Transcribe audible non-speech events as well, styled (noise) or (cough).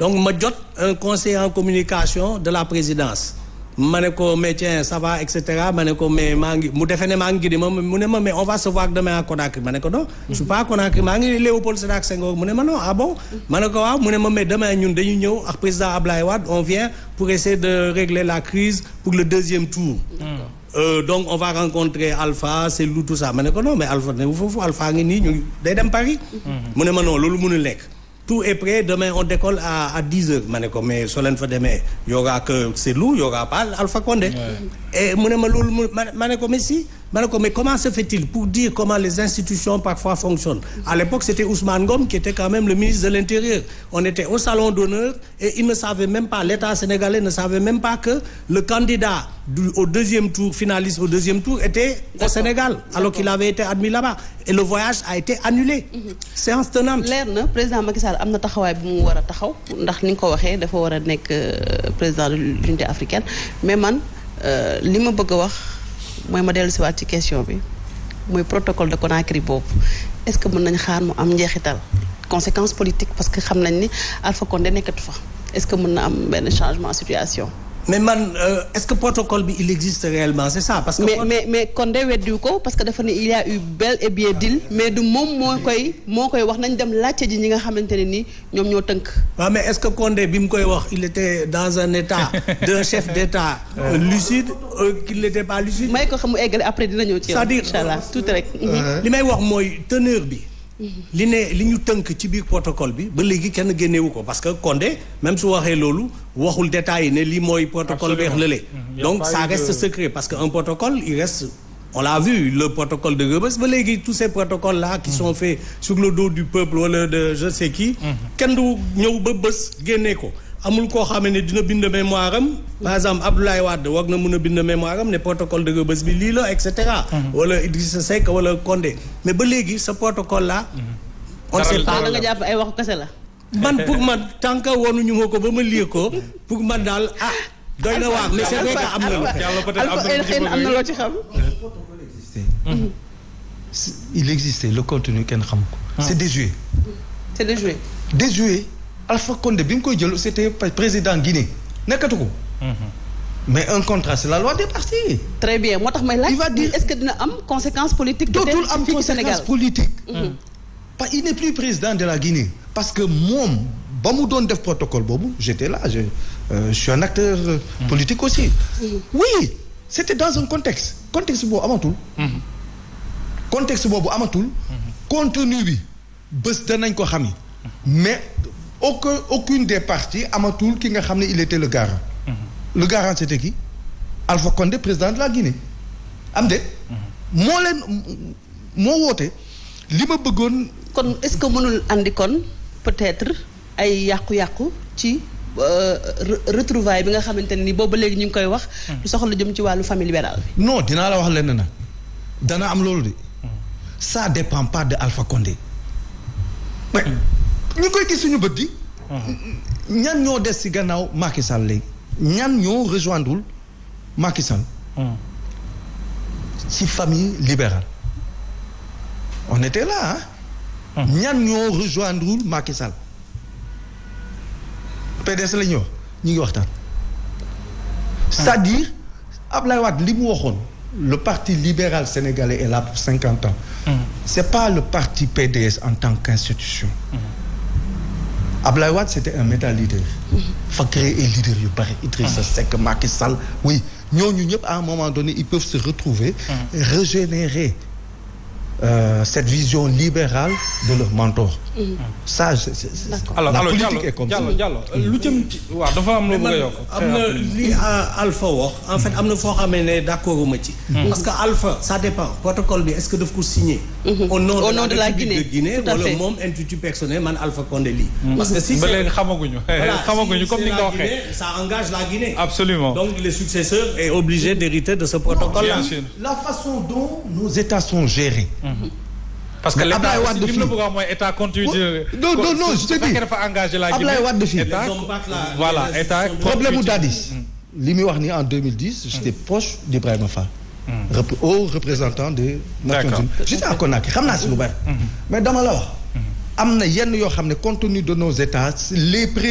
donc ma jot un conseiller en communication de la présidence ma ne ko mais tiens ça cetera ma ne ko mais maa ngi mu defee ne maa ngi gidi ma mu ne ma mais on va se voir demain à Conakry ma ne ko non. je suis pas à maa ngi Léopold Sédar Senghor mu ne ma non ah bon. ma ne ko waaw ne ma mais demain ñun dañu ñëw ak président Ablaye Wade on vient pour essayer de régler la crise pour le deuxième tour. Hmm. Euh, donc on va rencontrer Alpha Cellou tout ça ma ne ko non mais Alpha ne foofu Alpha ngi nii ñu day dem Paris. Hmm. mu ne ma non loolu mënul nekk. tout est prêt demain on décolle à dix heures ma ne ko mais soo leen fa demee y aura que Cellou y aura pas Alpha et mu ne ma loolu mu ma ne ko mais si. ma ne ko mais comment se fait-il pour dire comment les institutions parfois fonctionnent à l'époque c'était Ousmane Ngom qui était quand même le ministre de l'Intérieur on était au salon d'honneur et il ne savait même pas l'État sénégalais ne savait même pas que le candidat du au deuxième tour finaliste au deuxième tour était au Sénégal alors qu'il avait été admis là-bas et le voyage a été annulé mhm. séance tenante leer na président Macky Sall am na taxawaay bu mu war taxaw ndax ni nga ko waxee dafa war a nekk euh, président de l'unité africaine mais man euh, li ma bëgg a wax mooy ma dellu siwaat ci question bi mooy protocole de Conakry boobu est-ce que mun nañ xaar mu am njeexital conséquence politique parce que xam nañ ni Alpha Condé nekkatu fa est-ce que mën na am benn changement situation mais man euh, est-ce que protocole bi il existe réellement c'est ça. parce que mais mais mais weddiwu ko parce que dafa ne il y a eu bel et bien deal mais du moom moo koy moo koy wax nañu dem laajte ji ñi nga xamante ne ni ñoom ñoo tënk. waaw mais est-ce que Condé bi mu koy wax il était dans un état (laughs) d'un chef d'état euh, lucide euh, qu'il n'était lucide. may ko xam mu eggale après dina ñëw ci yow. cest allah euh, tuuti rek. Euh, mhm. li may wax mooy teneur bi. li ne li ñu tënk ci biir protocole bi ba léegi kenn génnewu ko parce que Condé même su waxee loolu waxul détails yi ne lii mooy protocole bi lële mm-hmm. donc ça reste secret parce que un protocole il reste on l'a vu le protocole de Rebeuss ba léegi tous ces protocoles là qui sont mm-hmm. faits sur le dos du peuple wala de je sais qui mm-hmm. kenn du ñëw ba bés génnee ko amul koo xam ne dina bind mémoire am par exemple Abdoulaye Wade war na mun a bind mémoire am ne protocole de Rebeuss bi lii la et cetera. wala Idrissa Seck wala Condé mais ba léegi sa protocole la on la pas nga jàpp ay waxu kese la. man pour man tant que woonuñu ma ko ba ma lii ko pour man daal ah. doy na waar mais c'est vrai am na. yàlla peut-être am na loo ci xam. il existait le contenu kenn xam ko. c'est déjoué. c'est déjoué. déjoué. Alpha Condé bi mu koy jël c'était président Guinée nekkatu ko. Mhm. mais en contrat la loi des partis. très bien moo tax may laaj. il va dire est-ce que dina am conséquence politique. dootul am conséquence politique. Mhm. Mm. parce qu'il n'est plus président de la Guinée. parce que moom ba mu doon def protocole boobu j'étais là je euh, je suis un acteur euh, mm. politique aussi. oui c'était dans un contexte contexte boobu amatul. Mm. contexte boobu amatul. contenu bi bés danañ ko xami aucun aucune des parties amatul ki nga xam ne il était le garant. Mhm. le garant c'était qui Alpha Condé président de la Guinée am de. Mhm. moo leen moo woote li ma bëggoon. kon est-ce que mënul andi kon peut-être ay yàqu-yàqu ci. Euh, retrouvaille bi nga xamante ne ni boobu léegi ñu ngi koy wax. Mhm. lu soxla jëm ci wàllu famille libérale bi. dinaa la wax lenn na dana am loolu de. ça dépend pas de Alpha Condé. ñu koy gis suñu bët di mhm. ñan ñoo des ci gannaaw Macky Sall léegi ñan ñoo rejoindrewul Macky Sall mhm. ci famille libérale on était là ah ñan ñoo rejoindrewul Macky Sall PDS la ñu ñu ngi waxtaan c'est-à-dire Ablaye Wade li mu waxoon le parti libéral sénégalais et la pour cinquante ans c'est pas le parti PDS en tant qu'institution Ablaye Wade c'était un métal leader. fa créer ay leaders yu bëri. Idrissa ah. Seck Macky Sall oui ñooñu ñëpp à un moment donné ils peuvent se retrouver ah. régénérer. euh, cette vision libérale de leur mentor. Mm. ça c' est, c est, c est alors, la politique est comme Diallo, ça euh, am lu bëgg a yokk am na li euh, Alpha wax am na foo xamee ne d' ma ci. Mm. parce que Alpha ça dépend protocole bi est ce que daf ko signé. Mm-hmm. au nom de, la Guinée de Guinée wala moom institut personnel man Alpha Condé lii. Mm-hmm. parce que si ba léegi xamaguñu. (laughs) xamaguñu comme ni nga waxee ça engage la Guinée. donc le successeur est obligé d'hériter de ce protocole la façon dont nos états sont gérés. Mm. parce que l' a continue de. non je te dis problème mu Dadis. Mm. li muy ni en 2010. Mm. j' proche d' Ibrahima Fall. Mm. haut représentant de. d' accord j' étais à Conakry xam naa si lu bari. Mm-hmm. mais la wax. Mm-hmm. am na yenn de nos états les prix.